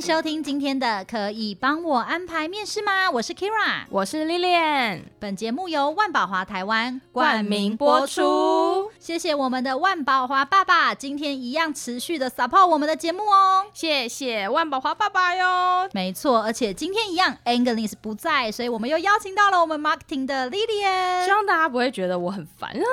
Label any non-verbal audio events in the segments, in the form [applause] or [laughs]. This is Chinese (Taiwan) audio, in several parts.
收聽今天的可以幫我安排面試嗎？我是 Kira，我是 Lilian。本節目由萬寶華台灣冠名播出。播出，謝謝我們的萬寶華爸爸，今天一樣持續的 support 我們的節目哦。謝謝萬寶華爸爸喲。沒錯，而且今天一樣 Angelis 不在，所以我們又邀請到了我們 marketing 的 Lilian。希望大家不會覺得我很煩。然後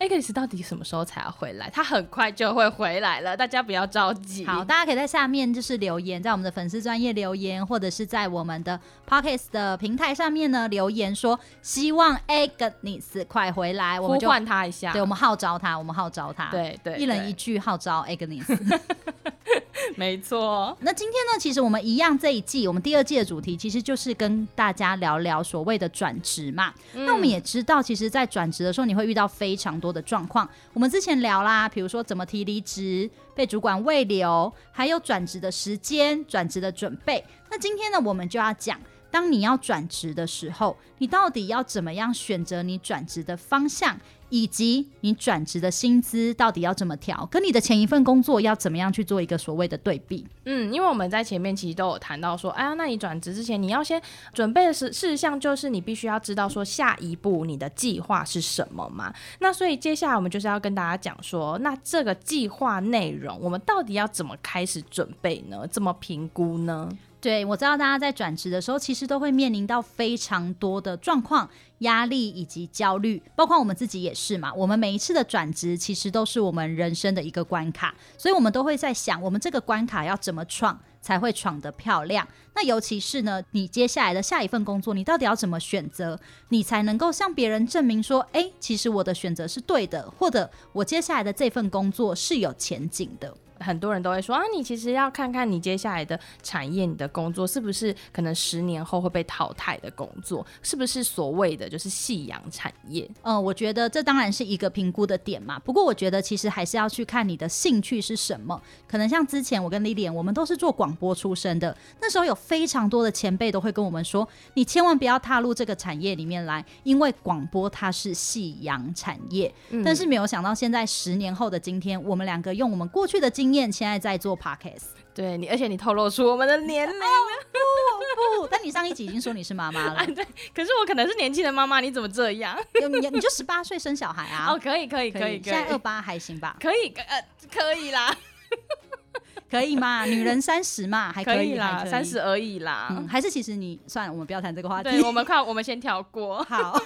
Angelis 到底什麼時候才要回來？他很快就會回來了，大家不要着急。好，大家可以在下面就是留言這樣。在我們我們的粉絲專頁留言，或者是在我們的 Podcast 的平台上面呢留言說，希望 Agnes 快回來，我們就喚他一下，我對我們號召他，我們號召他，對，對對，一人一句號召 Agnes。 [laughs] [laughs] [laughs] 沒錯錯，那今天呢，其實我們一樣這一季，我們第二季的主題其實就是跟大家聊聊所謂的轉職嘛。嗯、那我們也知道，其實，在轉職的時候，你會遇到非常多的狀況。我們之前聊啦，比如說怎麼提離職、被主管慰留，還有轉職的時間、轉職的準備。那今天呢，我們就要講，當你要轉職的時候，你到底要怎麼樣選擇你轉職的方向？以及你轉職的薪資到底要怎麼談，跟你的前一份工作要怎麼樣去做一個所謂的對比？嗯，因為我們在前面其實都有談到說，哎呀，那你轉職之前你要先準備的事事項，就是你必須要知道說下一步你的計劃是什麼嘛。那所以接下來我們就是要跟大家講說，那這個計劃內容我們到底要怎麼開始準備呢？怎麼評估呢？對，我知道大家在轉職的時候，其實都會面臨到非常多的狀況、壓力以及焦慮，包括我們自己也是嘛。我們每一次的轉職，其實都是我們人生的一個關卡，所以我們都會在想，我們這個關卡要怎麼闖才會闖得漂亮。那尤其是呢，你接下來的下一份工作，你到底要怎麼選擇，你才能夠向別人證明說，誒，其實我的選擇是對的，或者我接下來的這份工作是有前景的。很多人都會說啊，你其實要看看你接下來的產業，你的工作是不是可能十年後會被淘汰的工作，是不是所謂的就是夕陽產業？嗯、呃，我覺得這當然是一個評估的點嘛。不過我覺得其實還是要去看你的興趣是什麼。可能像之前我跟 Lily，我們都是做廣播出身的，那時候有非常多的前輩都會跟我們說，你千萬不要踏入這個產業裡面來，因為廣播它是夕陽產業。嗯、但是沒有想到現在十年後的今天，我們兩個用我們過去的經現在在做 podcast 對你，而且你透露出我們的年齡、哦，不不， [laughs] 但你上一集已經說你是媽媽了、啊，對，可是我可能是年輕的媽媽，你怎麼這樣？ [laughs] 你你就十八歲生小孩啊？哦，可以可以可以，可以現在二八還行吧？可以可以、呃、可以啦。 [laughs] 可以嘛？女人三十嘛，還可以，可以啦，三十而已啦、嗯。還是其實你算了，我們不要談這個話題。對，我們快，我們先跳過。 [laughs] 好，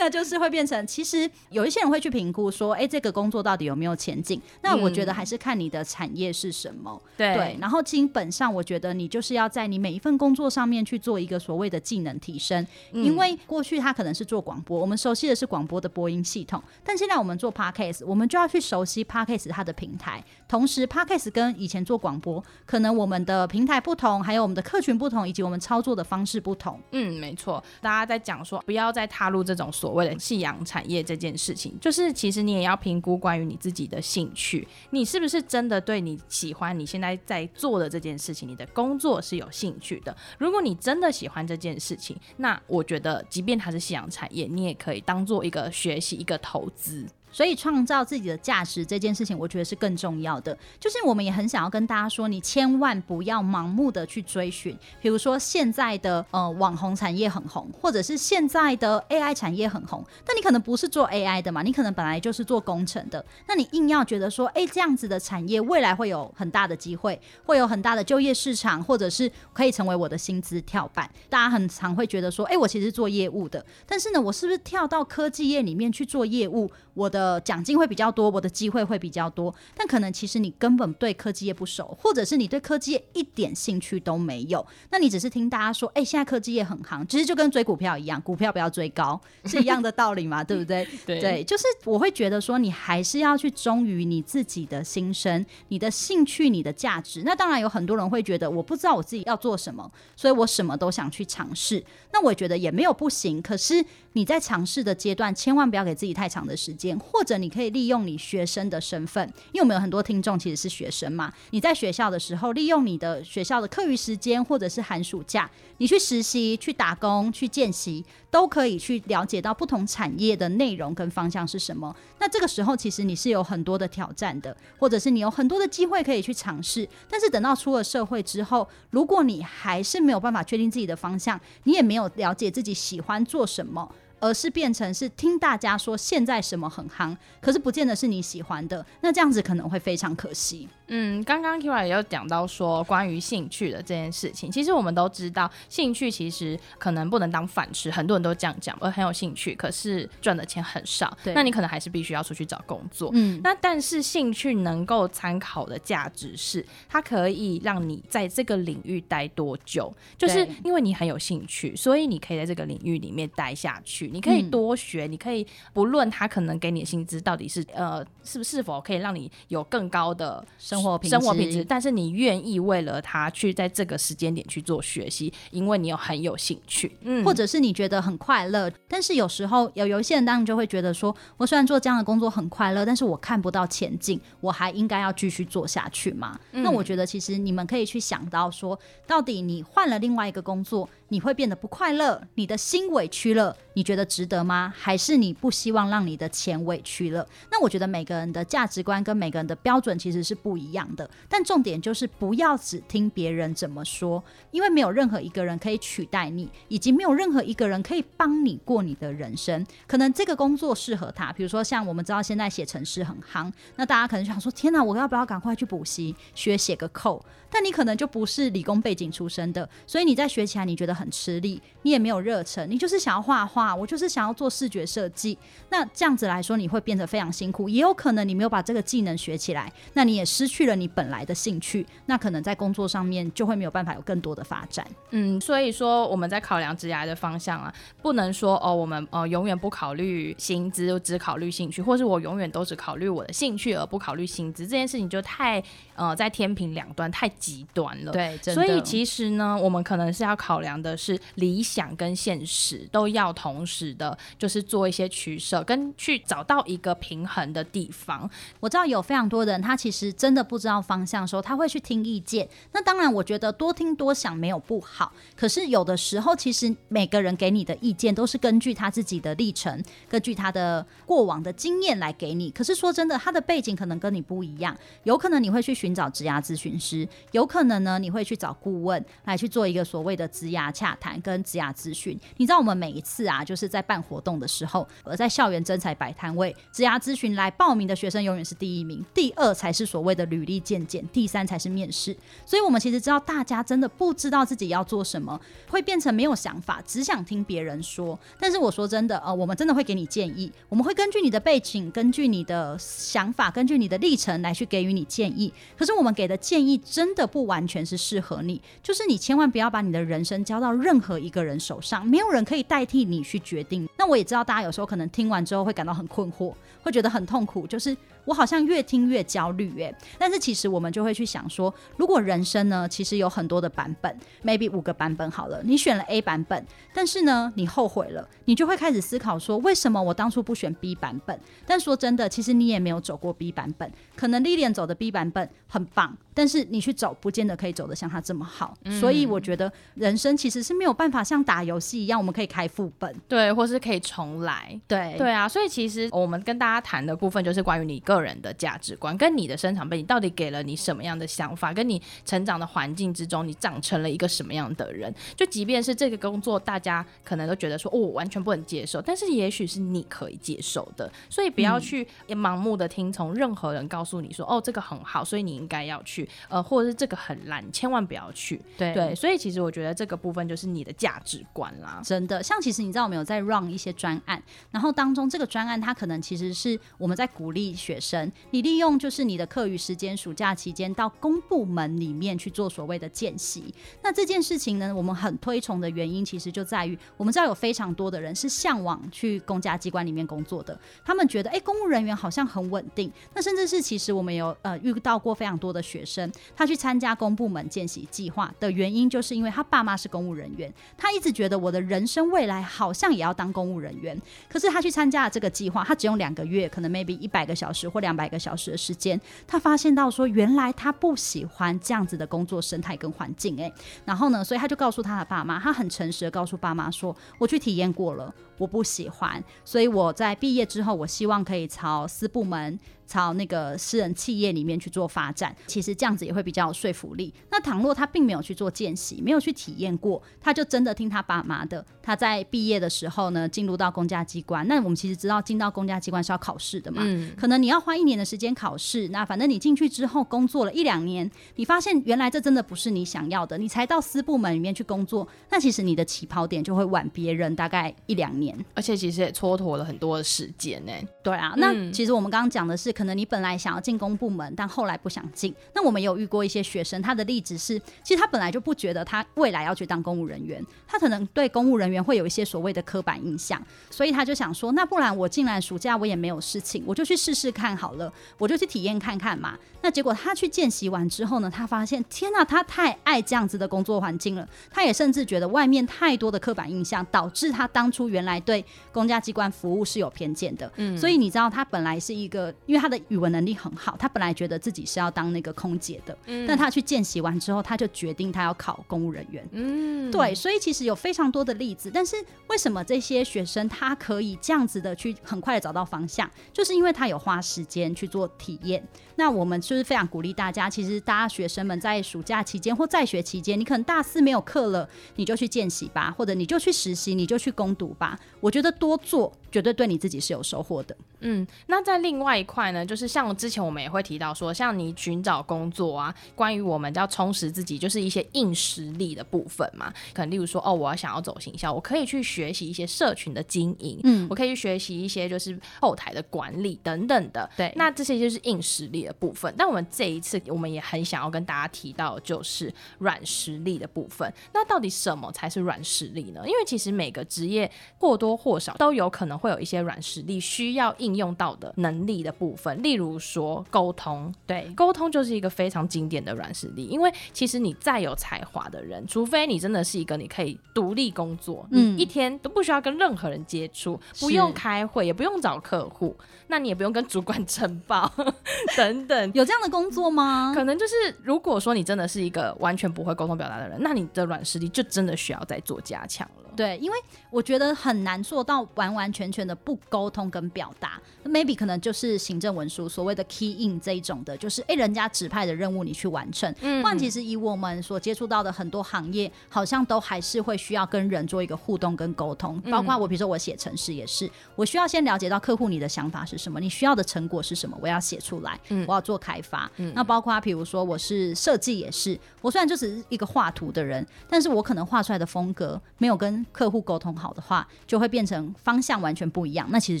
那就是會變成，其實有一些人會去評估說，哎、欸，這個工作到底有沒有前景？那我覺得還是看你的產業是什麼。嗯、對，然後基本上我覺得你就是要在你每一份工作上面去做一個所謂的技能提升，嗯、因為過去他可能是做廣播，我們熟悉的是廣播的播音系統，但現在我們做 podcast，我們就要去熟悉 podcast 它的平台，同時 podcast 跟以前做廣播可能我們的平台不同，還有我們的客群不同，以及我們操作的方式不同。嗯，沒錯。大家在講說，不要再踏入這種所謂的夕陽產業這件事情，就是其實你也要評估關於你自己的興趣，你是不是真的對你喜歡你現在在做的這件事情，你的工作是有興趣的。如果你真的喜歡這件事情，那我覺得，即便它是夕陽產業，你也可以當做一個學習，一個投資。所以創造自己的價值這件事情，我覺得是更重要的。就是我們也很想要跟大家說，你千萬不要盲目的去追尋。比如說現在的呃網紅產業很紅，或者是現在的 AI 產業很紅，但你可能不是做 AI 的嘛，你可能本來就是做工程的，那你硬要覺得說，誒，這樣子的產業未來會有很大的機會，會有很大的就業市場，或者是可以成為我的薪資跳板。大家很常會覺得說，誒，我其實做業務的，但是呢，我是不是跳到科技業裡面去做業務，我的？呃，獎金會比較多，我的機會會比較多，但可能其實你根本對科技業不熟，或者是你對科技業一點興趣都沒有，那你只是聽大家說，哎、欸，現在科技業很行，其實就跟追股票一樣，股票不要追高是一樣的道理嘛， [laughs] 對不對？ [laughs] 對，對，就是我會覺得說，你還是要去忠於你自己的心聲、你的興趣、你的價值。那當然有很多人會覺得，我不知道我自己要做什麼，所以我什麼都想去嘗試。那我覺得也沒有不行，可是。你在嘗試的階段，千萬不要給自己太長的時間，或者你可以利用你學生的身份，因為我們有很多聽眾其實是學生嘛。你在學校的時候，利用你的學校的課餘時間，或者是寒暑假，你去實習、去打工、去見習，都可以去了解到不同產業的內容跟方向是什麼。那這個時候，其實你是有很多的挑戰的，或者是你有很多的機會可以去嘗試。但是等到出了社會之後，如果你還是沒有辦法確定自己的方向，你也沒有了解自己喜歡做什麼。而是變成是聽大家說現在什麼很夯，可是不見得是你喜歡的，那這樣子可能會非常可惜。嗯，剛剛 Kara 也有講到說關於興趣的這件事情，其實我們都知道，興趣其實可能不能當飯吃。很多人都這樣講，我很有興趣，可是賺的錢很少。對，那你可能還是必須要出去找工作。嗯，那但是興趣能夠參考的價值是，它可以讓你在這個領域待多久，就是因為你很有興趣，所以你可以在這個領域裡面待下去，你可以多學，嗯、你可以不論他可能給你的薪資到底是、嗯、呃是不是否可以讓你有更高的生。生活品質，但是你願意為了他去在這個時間點去做學習，因為你有很有興趣，嗯、或者是你覺得很快樂。但是有時候有有一些人，當然就會覺得說，我雖然做這樣的工作很快樂，但是我看不到前進，我還應該要繼續做下去嗎？嗯、那我覺得其實你們可以去想到說，到底你換了另外一個工作，你會變得不快樂，你的心委屈了，你覺得值得嗎？還是你不希望讓你的錢委屈了？那我覺得每個人的價值觀跟每個人的標準其實是不一樣，一樣的，但重點就是不要只聽別人怎麼說，因為沒有任何一個人可以取代你，以及沒有任何一個人可以幫你過你的人生。可能這個工作適合他，比如說像我們知道現在寫程式很夯，那大家可能想說：天哪，啊，我要不要趕快去補習，學寫個 code？但你可能就不是理工背景出身的，所以你在學起來你覺得很吃力，你也沒有熱忱，你就是想要畫畫，我就是想要做視覺設計。那這樣子來說，你會變得非常辛苦。也有可能你沒有把這個技能學起來，那你也失去了你本來的興趣。那可能在工作上面就會沒有辦法有更多的發展。嗯，所以說我們在考量職涯的方向啊，不能說哦，我們呃永遠不考慮薪資，只考慮興趣，或是我永遠都只考慮我的興趣而不考慮薪資這件事情，就太呃在天平兩端太極端了，對，真的。所以其實呢，我們可能是要考量的是理想跟現實都要同時的，就是做一些取捨跟去找到一個平衡的地方。我知道有非常多人，他其實真的不知道方向說，說他會去聽意見。那當然，我覺得多聽多想沒有不好。可是有的時候，其實每個人給你的意見都是根據他自己的歷程，根據他的過往的經驗來給你。可是說真的，他的背景可能跟你不一樣，有可能你會去尋找職涯諮詢師。有可能呢，你會去找顧問來去做一個所謂的職涯洽談跟職涯諮詢。你知道我們每一次啊，就是在辦活動的時候，而在校園徵才擺攤位，職涯諮詢來報名的學生永遠是第一名，第二才是所謂的履歷健檢，第三才是面試。所以，我們其實知道大家真的不知道自己要做什麼，會變成沒有想法，只想聽別人說。但是我說真的，呃，我們真的會給你建議，我們會根據你的背景、根據你的想法、根據你的歷程來去給予你建議。可是我們給的建議真的。這不完全是適合你，就是你千萬不要把你的人生交到任何一個人手上，沒有人可以代替你去決定。那我也知道大家有時候可能聽完之後會感到很困惑，會覺得很痛苦，就是我好像越聽越焦慮，欸，哎。但是其實我們就會去想說，如果人生呢，其實有很多的版本，maybe 五個版本好了，你選了 A 版本，但是呢，你後悔了，你就會開始思考說，為什麼我當初不選 B 版本？但說真的，其實你也沒有走過 B 版本，可能歷練走的 B 版本很棒。但是你去走，不見得可以走得像他這麼好。嗯、所以我覺得人生其實是沒有辦法像打遊戲一樣，我們可以開副本，對，或是可以重來，對對啊。所以其實我們跟大家談的部分，就是關於你個人的價值觀，跟你的生長背景到底給了你什麼樣的想法，跟你成長的環境之中，你長成了一個什麼樣的人。就即便是這個工作，大家可能都覺得說，哦，我完全不能接受，但是也許是你可以接受的。所以不要去盲目的聽從任何人告訴你說，嗯、哦，這個很好，所以你應該要去。呃，或者是這個很爛，千萬不要去。對,對，所以其實我覺得這個部分就是你的價值觀啦。真的，像其實你知道，我們有在 run 一些專案，然後當中這個專案，它可能其實是我們在鼓勵學生，你利用就是你的課餘時間、暑假期間到公部門裡面去做所謂的見習。那這件事情呢，我們很推崇的原因，其實就在於我們知道有非常多的人是向往去公家機關裡面工作的，他們覺得哎、欸，公務人員好像很穩定。那甚至是其實我們有呃遇到過非常多的學生。他去參加公部門見習計劃的原因，就是因為他爸媽是公務人員。他一直覺得我的人生未來好像也要當公務人員。可是他去參加了這個計劃，他只用兩個月，可能 maybe 一百個小時或兩百個小時的時間，他發現到說，原來他不喜歡這樣子的工作生態跟環境。欸，然後呢，所以他就告訴他的爸媽，他很誠實的告訴爸媽說，我去體驗過了，我不喜歡，所以我在畢業之後，我希望可以朝私部門。朝那個私人企業裡面去做發展，其實這樣子也會比較有說服力。那倘若他並沒有去做見習，沒有去體驗過，他就真的聽他爸媽的。他在畢業的時候呢，進入到公家機關。那我們其實知道，進到公家機關是要考試的嘛。嗯，可能你要花一年的時間考試。那反正你進去之後工作了一兩年，你發現原來這真的不是你想要的。你才到私部門裡面去工作，那其實你的起跑點就會晚別人大概一兩年。而且其實也蹉跎了很多的時間呢，欸。對啊，嗯，那其實我們剛剛講的是。可能你本來想要進公部門，但後來不想進。那我們也有遇過一些學生，他的例子是，其實他本來就不覺得他未來要去當公務人員，他可能對公務人員會有一些所謂的刻板印象，所以他就想說，那不然我進來暑假我也沒有事情，我就去試試看好了，我就去體驗看看嘛。那結果他去見習完之後呢，他發現天吶、啊，他太愛這樣子的工作環境了。他也甚至覺得外面太多的刻板印象，導致他當初原來對公家機關服務是有偏見的。嗯，所以你知道他本來是一個，因為他。他的語文能力很好，他本來覺得自己是要當那個空姐的，嗯、但他去見習完之後，他就決定他要考公務人員。嗯，對，所以其實有非常多的例子，但是為什麼這些學生他可以這樣子的去很快的找到方向？就是因為他有花時間去做體驗。那我們就是非常鼓勵大家，其實大家學生們在暑假期間或在學期間，你可能大四沒有課了，你就去見習吧，或者你就去實習，你就去攻讀吧。我覺得多做。絕對對你自己是有收穫的。嗯，那在另外一塊呢，就是像之前我們也會提到說，像你尋找工作啊，關於我們要充實自己，就是一些硬實力的部分嘛。可能例如說，哦，我要想要走行銷，我可以去學習一些社群的經營，嗯，我可以去學習一些就是後台的管理等等的。對，那這些就是硬實力的部分。但我們這一次，我們也很想要跟大家提到，就是軟實力的部分。那到底什麼才是軟實力呢？因為其實每個職業或多或少都有可能。會有一些軟實力需要應用到的能力的部分，例如說溝通。對，溝通就是一個非常經典的軟實力，因為其實你再有才華的人，除非你真的是一個你可以獨立工作，嗯，一天都不需要跟任何人接觸，是不用開會，也不用找客戶，那你也不用跟主管呈報 [laughs] 等等，有這樣的工作嗎？可能就是如果說你真的是一個完全不會溝通表達的人，那你的軟實力就真的需要再做加強了。對，因為我覺得很難做到完完全全的不溝通跟表達，那 maybe 可能就是行政文書所謂的 key in 這一種的，就是哎，人家指派的任務你去完成。嗯，嗯，但其實以我們所接觸到的很多行業，好像都還是會需要跟人做一個互動跟溝通。包括我，比如說我寫程式也是，我需要先了解到客戶你的想法是什麼，你需要的成果是什麼，我要寫出來，我要做開發。嗯、那包括比如說我是設計也是，我雖然就只是一個畫圖的人，但是我可能畫出來的風格沒有跟客戶溝通好的話，就會變成方向完全不一樣，那其實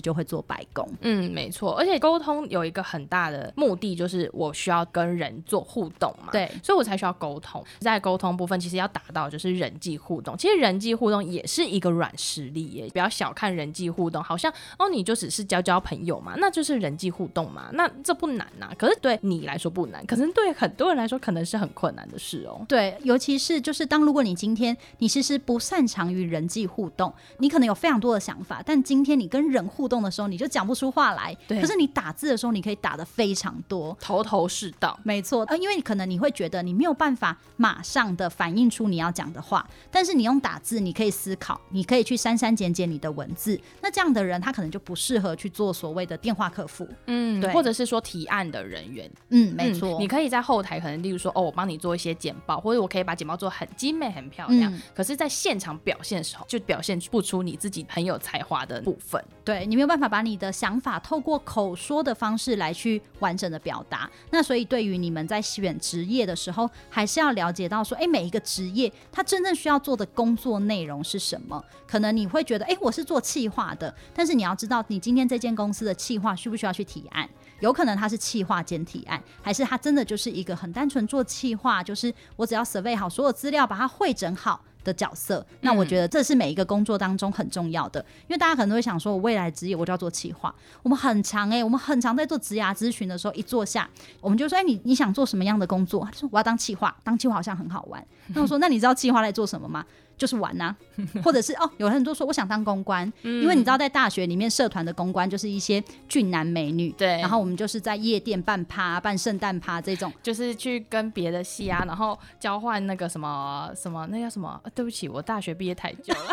就會做白工。嗯，沒錯，而且溝通有一個很大的目的，就是我需要跟人做互動嘛。對，所以我才需要溝通。在溝通部分，其實要達到就是人際互動。其實人際互動也是一個軟實力耶，不要小看人際互動。好像哦，你就只是交交朋友嘛，那就是人際互動嘛。那這不難吶？可是對你來說不難，可是對很多人來說可能是很困難的事哦。對，尤其是就是當如果你今天你其實不擅長於人。人際互動，你可能有非常多的想法，但今天你跟人互動的時候，你就講不出話來。對，可是你打字的時候，你可以打得非常多，頭頭是道。沒錯，呃，因為你可能你會覺得你沒有辦法馬上的反映出你要講的話，但是你用打字，你可以思考，你可以去刪刪減減你的文字。那這樣的人，他可能就不適合去做所謂的電話客服。嗯，對，或者是說提案的人員。嗯，嗯沒錯，你可以在後台，可能例如說，哦，我幫你做一些簡報，或者我可以把簡報做很精美、很漂亮。嗯，可是在現場表現。的時候就表現不出你自己很有才華的部分，對，你沒有辦法把你的想法透過口說的方式來去完整的表達。那所以對於你們在選職業的時候，還是要了解到說，誒、欸，每一個職業它真正需要做的工作內容是什麼？可能你會覺得，誒、欸，我是做企劃的，但是你要知道，你今天這間公司的企劃需不需要去提案？有可能他是企劃兼提案，還是他真的就是一個很單純做企劃，就是我只要 survey 好所有資料，把它匯整好，的角色，那我覺得這是每一個工作當中很重要的，嗯、因為大家可能都會想說，我未來職業我就要做企劃，我們很強誒、欸，我們很常在做職涯諮詢的時候一坐下，我們就說誒、欸，你你想做什麼樣的工作？他說我要當企劃，當企劃好像很好玩。那我說，那你知道企劃在做什麼嗎？ [laughs] 就是玩吶、啊，或者是哦，有很多說我想當公關，嗯、因為你知道在大學裡面社團的公關就是一些俊男美女，對，然後我們就是在夜店辦趴、辦聖誕趴這種，就是去跟別的系啊，然後交換那個什麼、啊、什麼，那叫什麼、啊？對不起，我大學畢業太久了。 [laughs]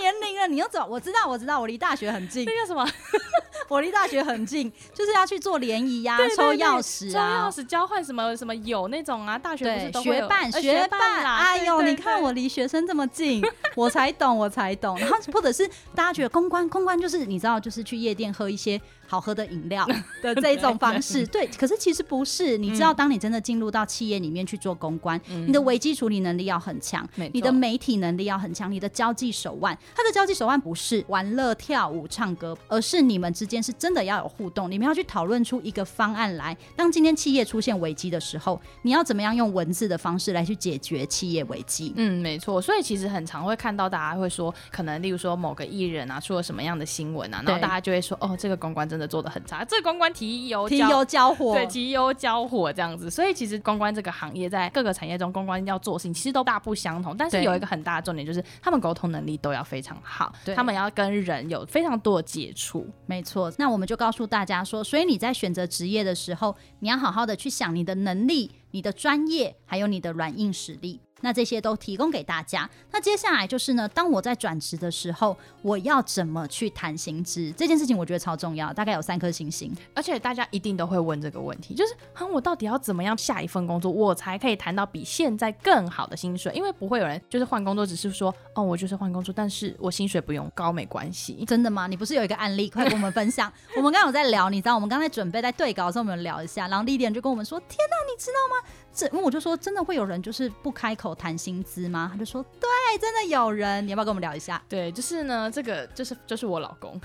年齡了，你又走？我知道，我知道，我離大學很近。那個什麼， [laughs] 我離大學很近，就是要去做聯誼呀， [laughs] 對對對對，抽鑰匙、啊，抽鑰匙交換什麼什麼，有那種啊。大學不是都有學伴，學伴，哎呦，你看我離學生這麼近，對對對，我才懂，我才懂。 [laughs] 然後或者是大家覺得公關，公關就是你知道，就是去夜店喝一些。好喝的飲料的 [laughs] 對這一種方式，對，對，對，對，可是其實不是。嗯、你知道，當你真的進入到企業裡面去做公關，嗯、你的危機處理能力要很強，錯你的媒體能力要很強，你的交際手腕，他的交際手腕不是玩樂、跳舞、唱歌，而是你們之間是真的要有互動，你們要去討論出一個方案來。當今天企業出現危機的時候，你要怎麼樣用文字的方式來去解決企業危機？嗯，沒錯。所以其實很常會看到大家會說，可能例如說某個藝人啊出了什麼樣的新聞啊，對然後大家就會說，哦，這個公關真的。做得很差，這公關提油提油交火，對，提油交火這樣子，所以其實公關這個行業在各個產業中，公關要做事情其實都大不相同，但是有一個很大的重點就是他們溝通能力都要非常好，對他們要跟人有非常多的接觸，沒錯。那我們就告訴大家說，所以你在選擇職業的時候，你要好好的去想你的能力、你的專業，還有你的軟硬實力。那這些都提供給大家。那接下來就是呢，當我在轉職的時候，我要怎麼去談薪資這件事情，我覺得超重要，大概有三顆星星。而且大家一定都會問這個問題，就是：哼、嗯，我到底要怎麼樣下一份工作，我才可以談到比現在更好的薪水？因為不會有人就是換工作，只是說哦，我就是換工作，但是我薪水不用高沒關係。真的嗎？你不是有一個案例，快跟我們分享。 [laughs] 我們剛剛有在聊，你知道，我們剛才準備在對稿的時候，我們聊一下，然後麗點就跟我們說：天哪、啊，你知道嗎？這，那我就說，真的會有人就是不開口談薪資嗎？他就說，對，真的有人，你要不要跟我們聊一下？對，就是呢，這個就是就是我老公，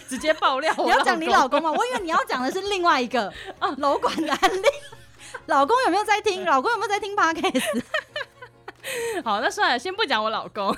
[laughs] 直接爆料我。你要講你老公嗎？我以為你要講的是另外一個啊，樓管的案例。 [laughs] 老公有沒有在聽？老公有沒有在聽？Podcast。好，那算了，先不講我老公，呵呵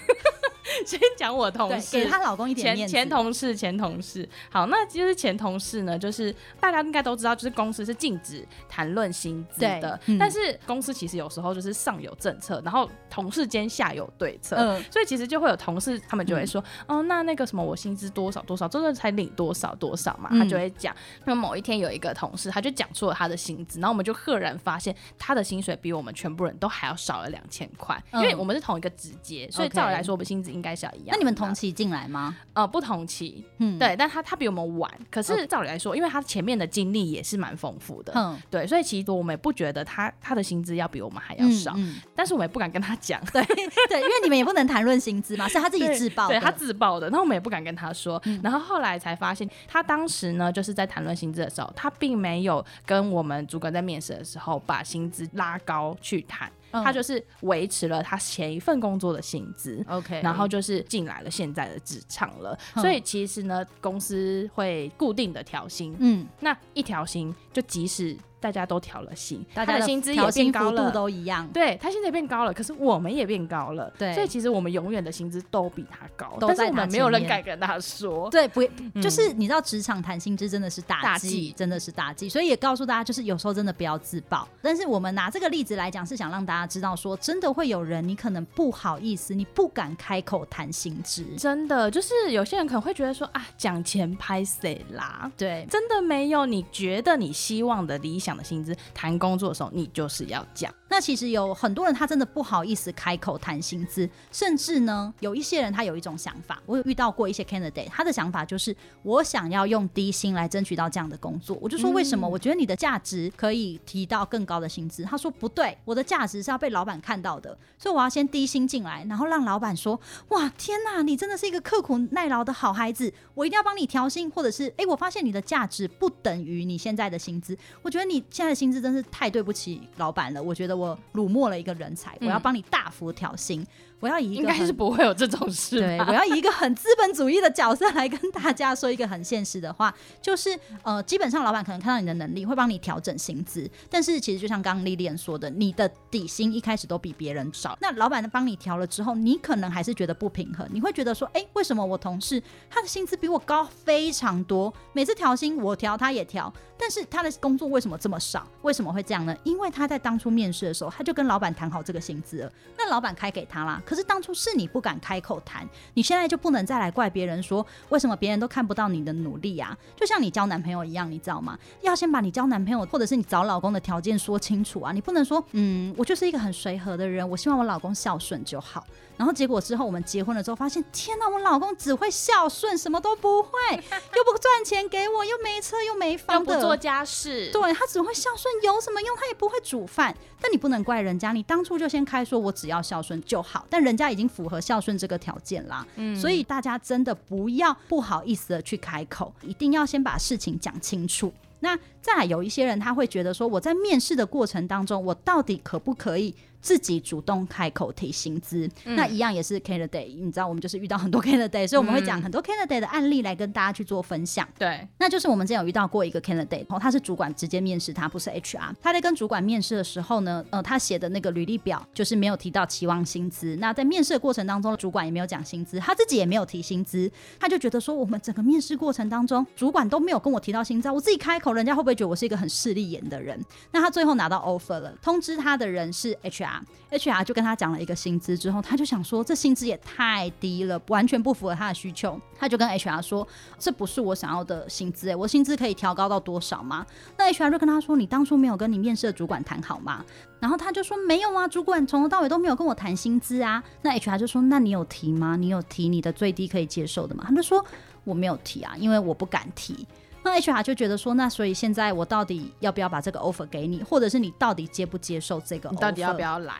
先講我同事，給他老公一點面子。前前同事，前同事。好，那其實前同事呢，就是大家應該都知道，就是公司是禁止談論薪資的。對，嗯、但是公司其實有時候就是上有政策，然後同事間下有對策，嗯、所以其實就會有同事，他們就會說，嗯、哦，那那個什麼，我薪資多少多少，這個才領多少多少嘛？嗯、他就會講。那某一天有一個同事，他就講出了他的薪資，然後我們就赫然發現，他的薪水比我們全部人都還要少了兩千塊。因為我們是同一個直接，嗯、所以照理來說，我們薪資應該是要一樣。那你們同期進來嗎？呃，不同期。嗯，對，但他他比我們晚，可是照理來說，嗯、因為他前面的經歷也是蠻豐富的。嗯，對，所以其實我們也不覺得他他的薪資要比我們還要少，嗯嗯、但是我們也不敢跟他講。對對，因為你們也不能談論薪資嘛，是 [laughs] 他自己自爆的，對他自爆的，那我們也不敢跟他說。然後後來才發現，他當時呢，就是在談論薪資的時候，他並沒有跟我們主管在面試的時候把薪資拉高去談。他就是維持了他前一份工作的薪資，OK，然後就是進來了現在的職場了，嗯、所以其實呢，公司會固定的調薪，嗯，那一調薪就即使。大家都調了薪，大家的薪資也變高了，都一樣。對，他薪資也變高了，可是我們也變高了，對。所以其實我們永遠的薪資都比他高，他但是我們沒有人敢跟他說。對，不，嗯、就是你知道職場談薪資真的是大忌技，真的是大忌。所以也告訴大家，就是有時候真的不要自曝。但是我們拿這個例子來講，是想讓大家知道，說真的會有人，你可能不好意思，你不敢開口談薪資。真的，就是有些人可能會覺得說啊，講錢歹勢啦。對，真的沒有。你覺得你希望的理想，講的薪資，談工作的時候，你就是要講。那其實有很多人，他真的不好意思開口談薪資，甚至呢，有一些人他有一種想法。我有遇到過一些 candidate，他的想法就是我想要用低薪來爭取到這樣的工作。我就說為什麼？我覺得你的價值可以提到更高的薪資。嗯、他說不對，我的價值是要被老闆看到的，所以我要先低薪進來，然後讓老闆說：哇，天哪、啊，你真的是一個刻苦耐勞的好孩子，我一定要幫你調薪，或者是哎、欸，我發現你的價值不等於你現在的薪資，我覺得你。現在的薪資真是太對不起老板了，我覺得我辱沒了一個人才，嗯、我要幫你大幅調薪，我要以一個很應該是不會有這種事，對，我要以一個很資本主義的角色來跟大家說一個很現實的話，就是呃，基本上老板可能看到你的能力會幫你調整薪資，但是其實就像剛剛麗蓮說的，你的底薪一開始都比別人少，那老板幫你調了之後，你可能還是覺得不平衡，你會覺得說，哎、欸，為什麼我同事他的薪資比我高非常多，每次調薪我調他也調。但是他的工作為什麼這麼少？為什麼會這樣呢？因為他在當初面試的時候，他就跟老板談好這個薪資了，那老板開給他啦。可是當初是你不敢開口談，你現在就不能再來怪別人說為什麼別人都看不到你的努力啊？就像你交男朋友一樣，你知道嗎？要先把你交男朋友或者是你找老公的條件說清楚啊！你不能說，嗯，我就是一個很隨和的人，我希望我老公孝順就好。然後結果之後我們結婚了之後，發現天哪，我老公只會孝順，什麼都不會，又不賺錢給我，又沒車又沒房的。 [laughs] 做家事，對他只會孝順有什麼用？他也不會煮飯。但你不能怪人家，你當初就先開說，我只要孝順就好。但人家已經符合孝順這個條件啦，嗯、所以大家真的不要不好意思的去開口，一定要先把事情講清楚。那。在有一些人，他會覺得說，我在面試的過程當中，我到底可不可以自己主動開口提薪資？嗯、那一樣也是 candidate，你知道，我們就是遇到很多 candidate，所以我們會講很多 candidate 的案例來跟大家去做分享。對、嗯，那就是我們之前有遇到過一個 candidate，哦，他是主管直接面試，他不是 HR。他在跟主管面試的時候呢，呃，他寫的那個履歷表就是沒有提到期望薪資。那在面試的過程當中，主管也沒有講薪資，他自己也沒有提薪資，他就覺得說，我們整個面試過程當中，主管都沒有跟我提到薪資，我自己開口，人家會不會？會覺得我是一個很勢利眼的人。那他最後拿到 offer 了，通知他的人是 HR，HR 就跟他講了一個薪資之後，他就想說這薪資也太低了，完全不符合他的需求。他就跟 HR 說：“這不是我想要的薪資、欸，哎，我薪資可以調高到多少嗎？”那 HR 就跟他說：“你當初沒有跟你面試的主管談好嗎？”然後他就說：“沒有啊，主管從頭到尾都沒有跟我談薪資啊。”那 HR 就說：“那你有提嗎？你有提你的最低可以接受的嗎？”他就說：“我沒有提啊，因為我不敢提。”那 HR 就覺得說，那所以現在我到底要不要把這個 offer 給你，或者是你到底接不接受這個 offer？你到底要不要來？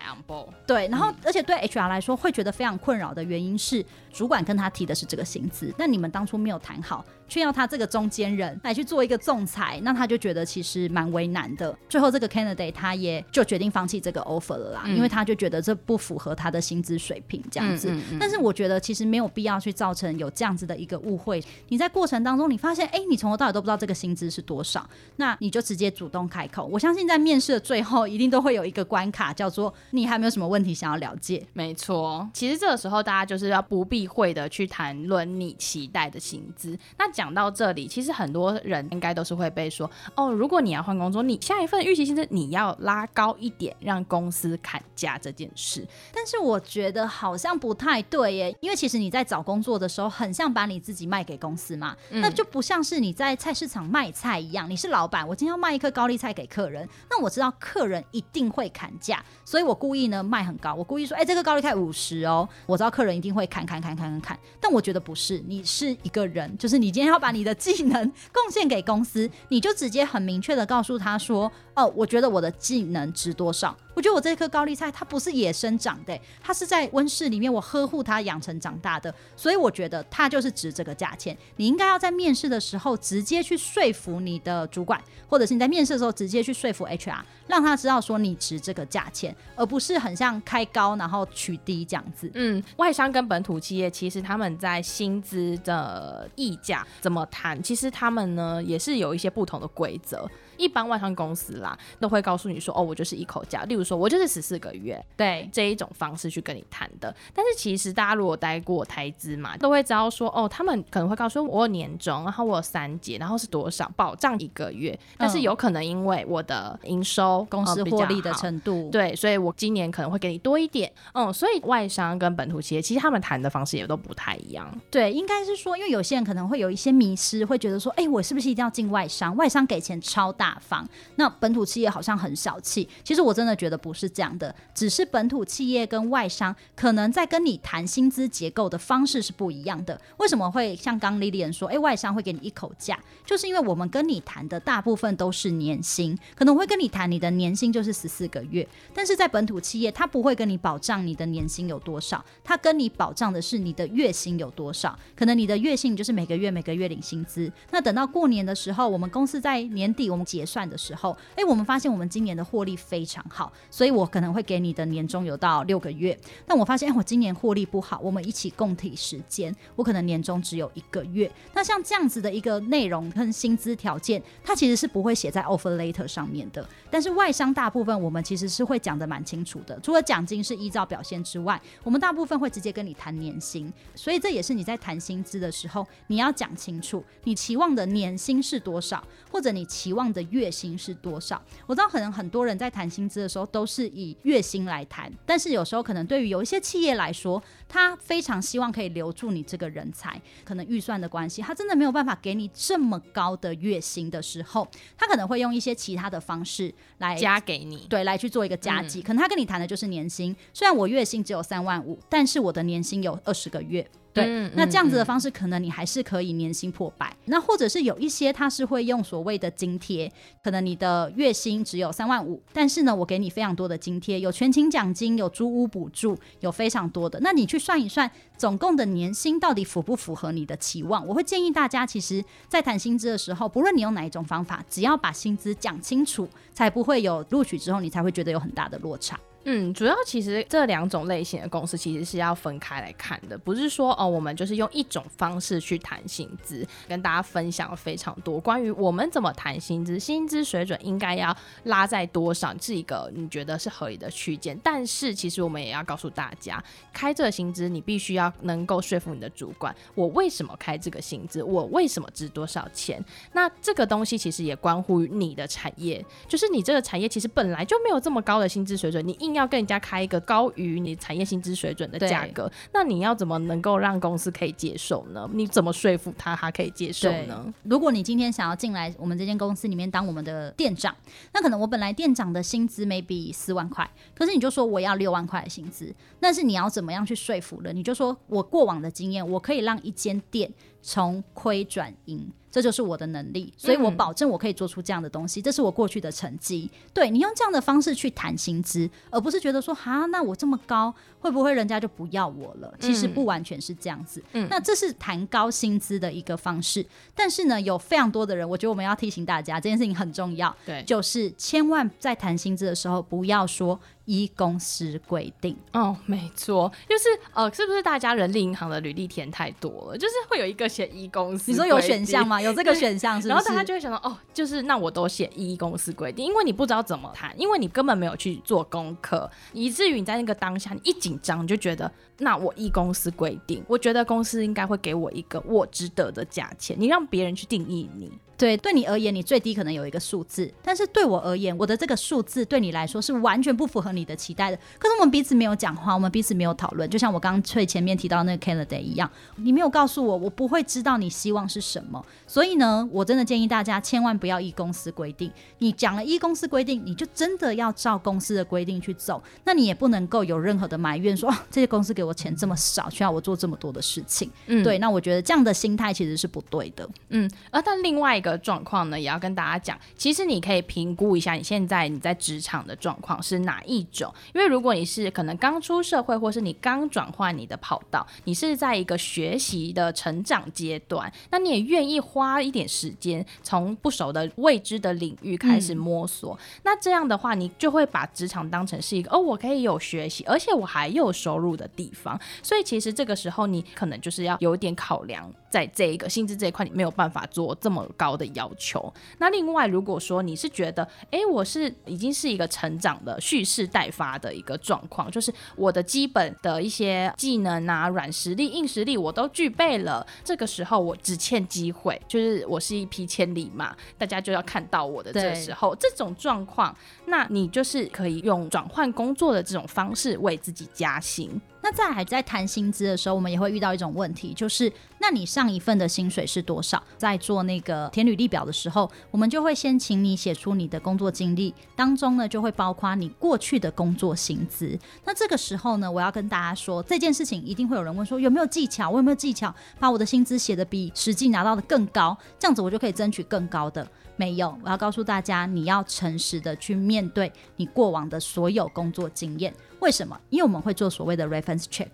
對，然後、嗯、而且對 HR 來說會覺得非常困擾的原因是，主管跟他提的是這個薪資，那你們當初沒有談好，卻要他這個中間人來去做一個仲裁，那他就覺得其實蠻為難的。最後這個 candidate 他也就決定放棄這個 offer 了啦，嗯、因為他就覺得這不符合他的薪資水平這樣子。嗯嗯嗯，但是我覺得其實沒有必要去造成有這樣子的一個誤會。你在過程當中你發現，哎、欸，你從頭到都不知道這個薪資是多少，那你就直接主動開口。我相信在面試的最後，一定都會有一個關卡，叫做你還沒有什麼問題想要了解。沒錯。其實這個時候大家就是要不避諱的去談論你期待的薪資。那講到這裡，其實很多人應該都是會被說哦，如果你要換工作，你下一份預期薪資你要拉高一點，讓公司砍價這件事。但是我覺得好像不太對耶，因為其實你在找工作的時候，很像把你自己賣給公司嘛，嗯、那就不像是你在。菜市場賣菜一樣，你是老闆，我今天要賣一顆高麗菜給客人，那我知道客人一定會砍價，所以我故意呢賣很高，我故意說，哎、欸，這個高麗菜五十哦，我知道客人一定會砍砍砍砍砍砍，但我覺得不是，你是一個人，就是你今天要把你的技能貢獻給公司，你就直接很明確的告訴他說。呃、我覺得我的技能值多少？我覺得我這顆高麗菜它不是野生長的，欸，它是在溫室裡面我呵護它養成長大的，所以我覺得它就是值這個價錢。你應該要在面試的時候直接去說服你的主管，或者是你在面試的時候直接去說服 HR，讓他知道說你值這個價錢，而不是很像開高然後取低這樣子。嗯，外商跟本土企業其實他們在薪資的議價怎麼談，其實他們呢也是有一些不同的規則。一般外商公司啦，都會告訴你說，哦，我就是一口價。例如說，我就是十四個月，對，這一種方式去跟你談的。但是其實大家如果待過台資嘛，都會知道說，哦，他們可能會告訴我有年終，然後我有三節，然後是多少，保障一個月。但是有可能因為我的營收公司、嗯嗯、獲利的程度，對，所以我今年可能會給你多一點。嗯，所以外商跟本土企業其實他們談的方式也都不太一樣。對，應該是說，因為有些人可能會有一些迷失，會覺得說，哎，我是不是一定要進外商？外商給錢超大。方，那本土企業好像很小氣。其實我真的覺得不是這樣的，只是本土企業跟外商可能在跟你談薪資結構的方式是不一樣的。為什麼會像剛莉莉 l 說，哎，外商會給你一口價，就是因為我們跟你談的大部分都是年薪，可能會跟你談你的年薪就是十四個月，但是在本土企業，他不會跟你保障你的年薪有多少，他跟你保障的是你的月薪有多少，可能你的月薪就是每個月每個月領薪資。那等到過年的時候，我們公司在年底我們。結算的時候，誒、欸，我們發現我們今年的獲利非常好，所以我可能會給你的年終有到六個月。但我發現，哎、欸，我今年獲利不好，我們一起共體時間，我可能年終只有一個月。那像這樣子的一個內容跟薪資條件，它其實是不會寫在 offer l a t t e r 上面的。但是外商大部分我們其實是會講的蠻清楚的，除了獎金是依照表現之外，我們大部分會直接跟你談年薪。所以這也是你在談薪資的時候，你要講清楚你期望的年薪是多少，或者你期望的。月薪是多少？我知道，可能很多人在談薪資的時候都是以月薪來談，但是有時候可能對於有一些企業來說，他非常希望可以留住你這個人才，可能預算的關係，他真的沒有辦法給你這麼高的月薪的時候，他可能會用一些其他的方式來加給你，對，來去做一個加計，嗯、可能他跟你談的就是年薪。雖然我月薪只有三萬五，但是我的年薪有二十個月。對，嗯、那這樣子的方式，可能你還是可以年薪破百。嗯嗯、那或者是有一些，他是會用所謂的津貼，可能你的月薪只有三萬五，但是呢，我給你非常多的津貼，有全勤獎金，有租屋補助，有非常多的。那你去算一算，總共的年薪到底符不符合你的期望？我會建議大家，其實，在談薪資的時候，不論你用哪一種方法，只要把薪資講清楚，才不會有錄取之後，你才會覺得有很大的落差。嗯，主要其實這兩種類型的公司其實是要分開來看的，不是說哦，我們就是用一種方式去談薪資。跟大家分享非常多關於我們怎麼談薪資，薪資水準應該要拉在多少這一個你覺得是合理的區間。但是其實我們也要告訴大家，開這個薪資你必須要能夠說服你的主管，我為什麼開這個薪資，我為什麼值多少錢？那這個東西其實也關乎於你的產業，就是你這個產業其實本來就沒有這麼高的薪資水準，你應要跟人家開一個高於你產業薪資水準的價格，對那你要怎麼能夠讓公司可以接受呢？你怎麼說服他他可以接受呢？如果你今天想要進來我們這間公司裡面當我們的店長，那可能我本來店長的薪資 maybe 四萬塊，可是你就說我要六萬塊的薪資，但是你要怎麼樣去說服了？你就說我過往的經驗，我可以讓一間店從虧轉盈。這就是我的能力，所以我保證我可以做出這樣的東西。嗯、這是我過去的成績。對，你用這樣的方式去談薪資，而不是覺得說哈，那我這麼高。會不會人家就不要我了？其實不完全是這樣子。嗯、那這是談高薪資的一個方式，嗯、但是呢，有非常多的人，我覺得我們要提醒大家，這件事情很重要。對，就是千萬在談薪資的時候，不要說一公司規定。哦，沒錯，就是呃，是不是大家人力銀行的履歷填太多了？就是會有一個寫一公司規定，你說有選項嗎？有這個選項是不是？ [laughs] 然後大家就會想到，哦，就是那我都寫一公司規定，因為你不知道怎麼談，因為你根本沒有去做功課，以至於你在那個當下，你一緊張就覺得，那我依公司規定，我覺得公司應該會給我一個我值得的價錢。你讓別人去定義你。對，對你而言，你最低可能有一個數字，但是對我而言，我的這個數字對你來說是完全不符合你的期待的。可是我們彼此沒有講話，我們彼此沒有討論，就像我剛剛前面提到的那個 candidate 一樣，你沒有告訴我，我不會知道你希望是什麼。所以呢，我真的建議大家千萬不要依公司規定，你講了依公司規定，你就真的要照公司的規定去走，那你也不能夠有任何的埋怨說，說、哦、這些公司給我錢這麼少，需要我做這麼多的事情。嗯，對，那我覺得這樣的心態其實是不對的。嗯，而但另外一個。的狀況呢，也要跟大家講。其實你可以評估一下你現在你在職場的狀況是哪一種。因為如果你是可能剛出社會，或是你剛轉換你的跑道，你是在一個學習的成長階段，那你也願意花一點時間從不熟的未知的領域開始摸索。嗯、那這樣的話，你就會把職場當成是一個哦，我可以有學習，而且我還有收入的地方。所以其實這個時候，你可能就是要有點考量，在這一個薪資這一塊，你沒有辦法做這麼高的的要求。那另外，如果說你是覺得，哎，我是已經是一個成長的蓄勢待發的一個狀況，就是我的基本的一些技能啊、軟實力、硬實力我都具備了，這個時候我只欠機會，就是我是一匹千里馬，大家就要看到我的這個時候，對這種狀況，那你就是可以用轉換工作的這種方式為自己加薪。那在還在談薪資的時候，我們也會遇到一種問題，就是。那你上一份的薪水是多少？在做那個填履歷表的時候，我們就會先請你寫出你的工作經歷，當中呢就會包括你過去的工作薪資。那這個時候呢，我要跟大家說，這件事情一定會有人問說，有沒有技巧？我有沒有技巧把我的薪資寫得比實際拿到的更高？這樣子我就可以爭取更高的。沒有，我要告訴大家，你要誠實的去面對你過往的所有工作經驗。為什麼？因為我們會做所謂的 reference check。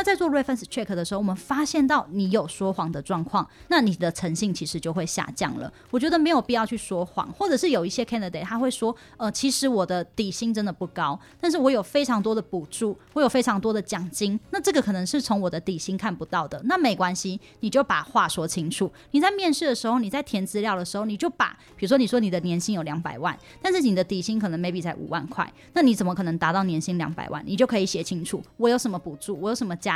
那在做 reference check 的時候，我們發現到你有說謊的狀況，那你的誠信其實就會下降了。我覺得沒有必要去說謊，或者是有一些 candidate 他會說，呃，其實我的底薪真的不高，但是我有非常多的補助，我有非常多的獎金，那這個可能是從我的底薪看不到的。那沒關係，你就把話說清楚。你在面試的時候，你在填資料的時候，你就把，比如說你說你的年薪有兩百萬，但是你的底薪可能 maybe 才五萬塊，那你怎麼可能達到年薪兩百萬？你就可以寫清楚我有什麼補助，我有什麼獎。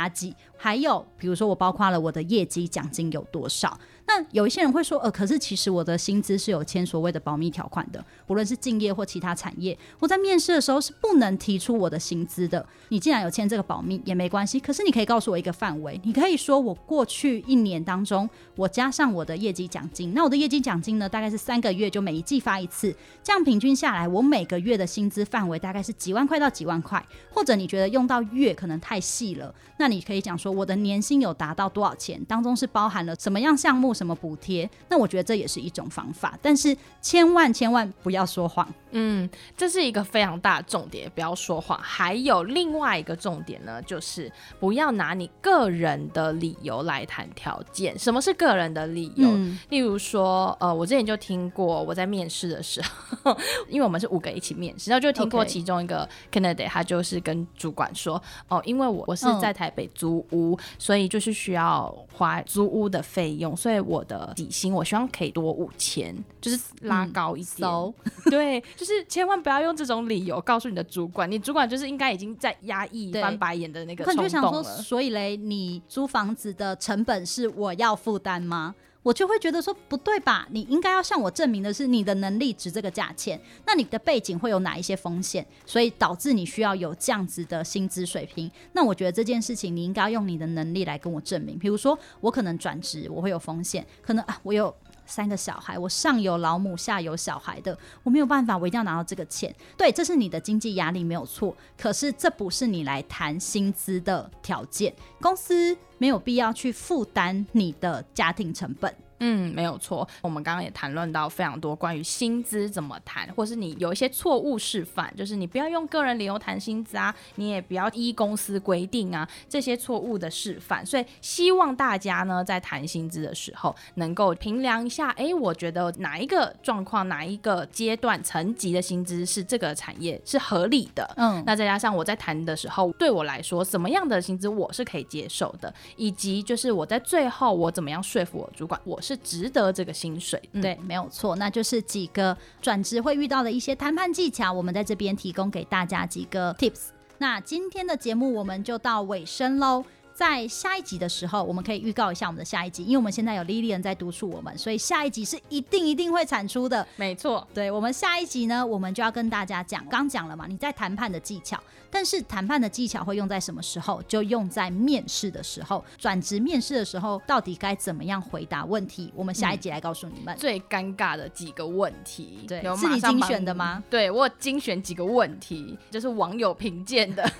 還有，比如說，我包括了我的業績獎金有多少。那有一些人會說，呃，可是其實我的薪資是有簽所謂的保密條款的，不論是競業或其他產業，我在面試的時候是不能提出我的薪資的。你既然有簽這個保密也沒關係，可是你可以告訴我一個範圍，你可以說我過去一年當中，我加上我的業績獎金，那我的業績獎金呢，大概是三個月就每一季發一次，這樣平均下來，我每個月的薪資範圍大概是幾萬塊到幾萬塊，或者你覺得用到月可能太細了，那你可以講說我的年薪有達到多少錢，當中是包含了什麼樣項目？什麼補貼？那我覺得這也是一種方法，但是千萬千萬不要說謊。嗯，這是一個非常大的重點，不要說謊。還有另外一個重點呢，就是不要拿你個人的理由來談條件。什麼是個人的理由？嗯、例如說，呃，我之前就聽過，我在面試的時候呵呵，因為我們是五個一起面試，然後就聽過其中一個 candidate，Okay. 他就是跟主管說，哦、呃，因為我我是在台北租屋，嗯、所以就是需要花租屋的費用，所以。我的底薪，我希望可以多五千，嗯，就是拉高一點。So, 對， [laughs] 就是千萬不要用這種理由告訴你的主管，你主管就是應該已經在壓抑翻白眼的那個衝動了。他就想說，所以嘞，你租房子的成本是我要負擔嗎？我就會覺得說，不對吧？你應該要向我證明的是你的能力值這個價錢。那你的背景會有哪一些風險？所以導致你需要有這樣子的薪資水平。那我覺得這件事情你應該要用你的能力來跟我證明。比如說我可能轉職，我會有風險，可能啊我有。三個小孩，我上有老母，下有小孩的，我沒有辦法，我一定要拿到這個錢。對，這是你的經濟壓力，沒有錯，可是這不是你來談薪資的條件，公司沒有必要去負擔你的家庭成本。嗯，沒有錯。我們剛剛也談論到非常多關於薪資怎麼談，或是你有一些錯誤示範，就是你不要用個人理由談薪資啊，你也不要依公司規定啊，這些錯誤的示範。所以希望大家呢，在談薪資的時候，能夠評量一下，哎，我覺得哪一個狀況、哪一個階段、層級的薪資是這個產業是合理的。嗯，那再加上我在談的時候，對我來說什麼樣的薪資我是可以接受的，以及就是我在最後我怎麼樣說服我主管我。是值得這個薪水，對。嗯，沒有錯。那就是幾個轉職會遇到的一些談判技巧，我們在這邊提供給大家幾個 tips。那今天的節目我們就到尾聲嘍。在下一集的時候，我們可以預告一下我們的下一集，因為我們現在有 Lilian 在督促我們，所以下一集是一定一定會產出的。沒錯。對，我們下一集呢，我們就要跟大家講，剛講了嘛，你在談判的技巧，但是談判的技巧會用在什麼時候？就用在面試的時候，轉職面試的時候，到底該怎麼樣回答問題？我們下一集來告訴你們。嗯，最尷尬的幾個問題，對，你是你精選的嗎？對，我精選幾個問題，就是網友評鑑的。 [laughs]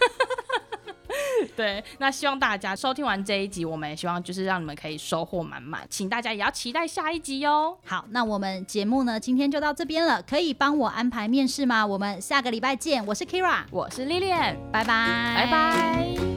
[laughs] 對，那希望大家收聽完這一集，我們也希望就是讓你們可以收穫滿滿，請大家也要期待下一集喲、哦。好，那我們節目呢，今天就到這邊了，可以幫我安排面試嗎？我們下個禮拜見，我是 Kira，我是 Lilian，拜拜，拜拜。拜拜